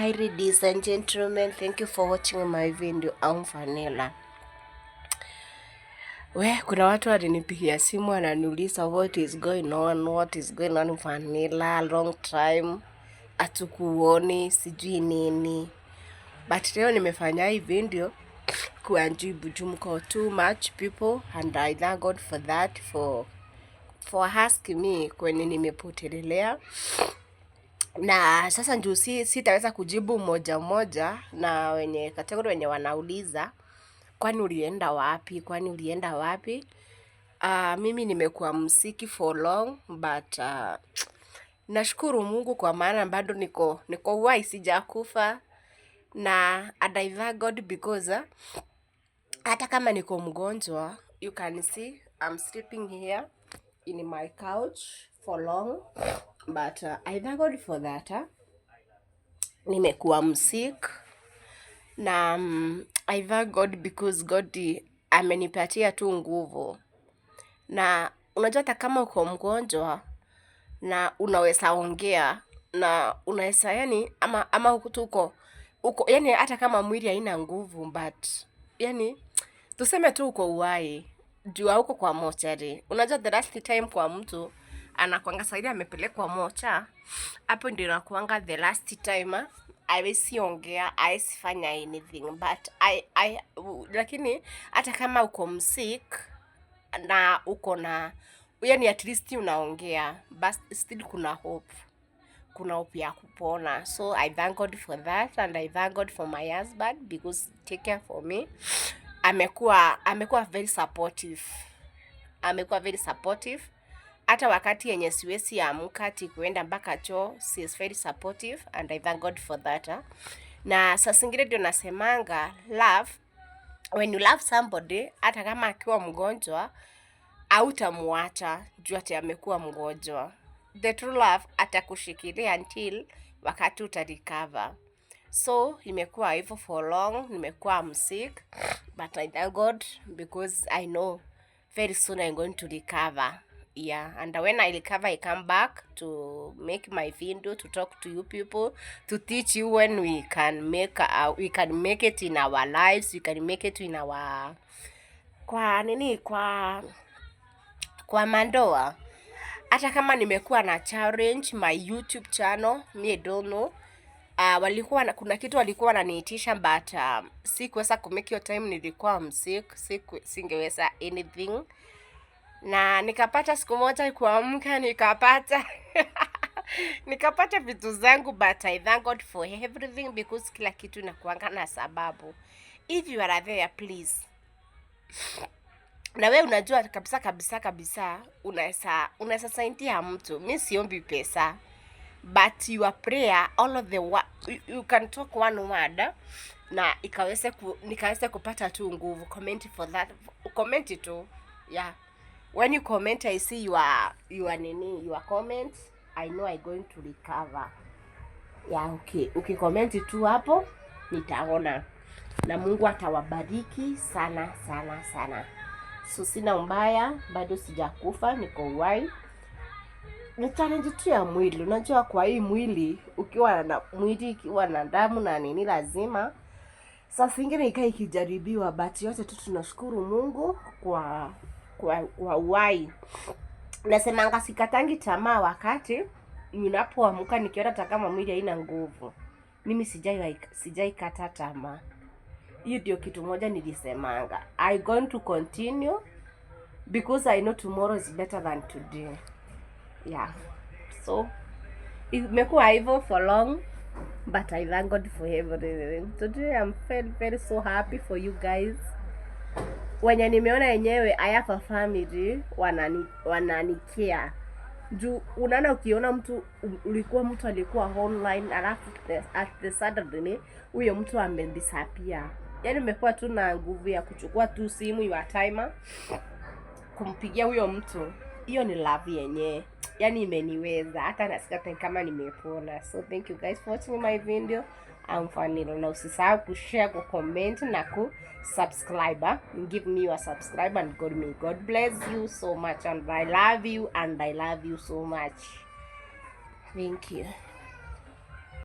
Hi ladies and gentlemen, thank you for watching my video. I'm Vanilla. We, kuna watu walinipigia simu wananiuliza what is going on, what is going on Vanilla, long time atukuoni sijui nini, but leo nimefanya hii video kuanjibu jumko too much people and I thank God for that for, for asking me kweni nimepotelelea na sasa juu si sitaweza kujibu moja moja na wenye kategori wenye wanauliza kwani ulienda wapi, kwani ulienda wapi? Uh, mimi nimekuwa msiki for long but uh, nashukuru Mungu kwa maana bado niko niko wai, sijakufa na adaiva God because uh, hata kama niko mgonjwa, you can see I'm sleeping here in my couch for long but uh, I thank God for that uh. Nimekuwa msik na um, I thank God because God uh, amenipatia tu nguvu, na unajua hata kama uko mgonjwa na unaweza ongea na unaweza yani, ama ama uko uko yani, hata kama mwili haina nguvu but yani tuseme tu uko uwai juu uko kwa mochari. Unajua the last time kwa mtu anakwanga saidi amepelekwa mocha, hapo ndio nakuanga the last time awezi ongea, awezi fanya anything but I, I, lakini hata kama uko msik na uko na yani at least unaongea but still kuna hope kuna hope ya kupona. So I thank God for that and I thank God for my husband because take care for me. Amekuwa amekuwa very supportive, amekuwa very supportive hata wakati yenye siwezi amka ati kuenda mpaka choo, she is very supportive and I thank God for that. Ah. Na saa zingine ndio nasemanga love, when you love somebody, hata kama akiwa mgonjwa autamwacha juu ati amekuwa mgonjwa. The true love atakushikilia until wakati utarecover. So imekuwa hivyo for long, nimekuwa msik but I thank God because I know very soon I'm going to recover yeah and when i recover i come back to make my video to talk to you people to teach you when we can make uh, we can make it in our lives we can make it in our kwa nini kwa kwa mandoa hata kama nimekuwa na challenge my youtube channel mi don't know Uh, walikuwa na, kuna kitu walikuwa wananiitisha but um, sikuweza kumake hiyo time, nilikuwa msik singeweza anything na nikapata siku moja kuamka nikapata nikapata vitu zangu, but I thank God for everything because kila kitu inakuanga na sababu. If you are there, please na we unajua kabisa kabisa kabisa, unaweza unaweza saidia mtu. Mi siombi pesa, but your prayer all of the you, you can talk one word na ikaweze ku, nikaweze kupata tu nguvu. Comment for that, comment tu yeah when you comment I see you are you are nini your comments I know I going to recover yeah, okay. Ukikomenti tu hapo nitaona, na Mungu atawabariki sana sana sana. So sina mbaya, bado sijakufa, niko uhai. Ni challenge tu ya mwili, unajua kwa hii mwili, ukiwa na mwili ikiwa na damu na nini, lazima saa zingine ikae ikijaribiwa, but yote tu tunashukuru Mungu kwa kwa uwai. Nasemanga sikatangi tamaa wakati ninapoamka nikiona hata kama mwili haina nguvu, mimi sijai sijai kata tamaa. Hiyo ndio kitu moja nilisemanga, I going to continue because I know tomorrow is better than today. Yeah, so imekuwa hivyo for long but I thank God for everything. Today I'm very very so happy for you guys wenye nimeona wenyewe ayaka family wanani wananikea juu unaona, ukiona mtu um, ulikuwa mtu alikuwa online alafu at the Saturday huyo mtu amedisapia yani umekuwa tu na nguvu ya kuchukua tu simu ya timer kumpigia huyo mtu. Hiyo ni love yenyewe yani imeniweza hata nasikia kama nimepona. So thank you guys for watching my video. amfanilo na usisahau kushare, kucomment na ku subscribe Give me your subscribe and God me God bless you so much and I love you and I love you so much. Thank you.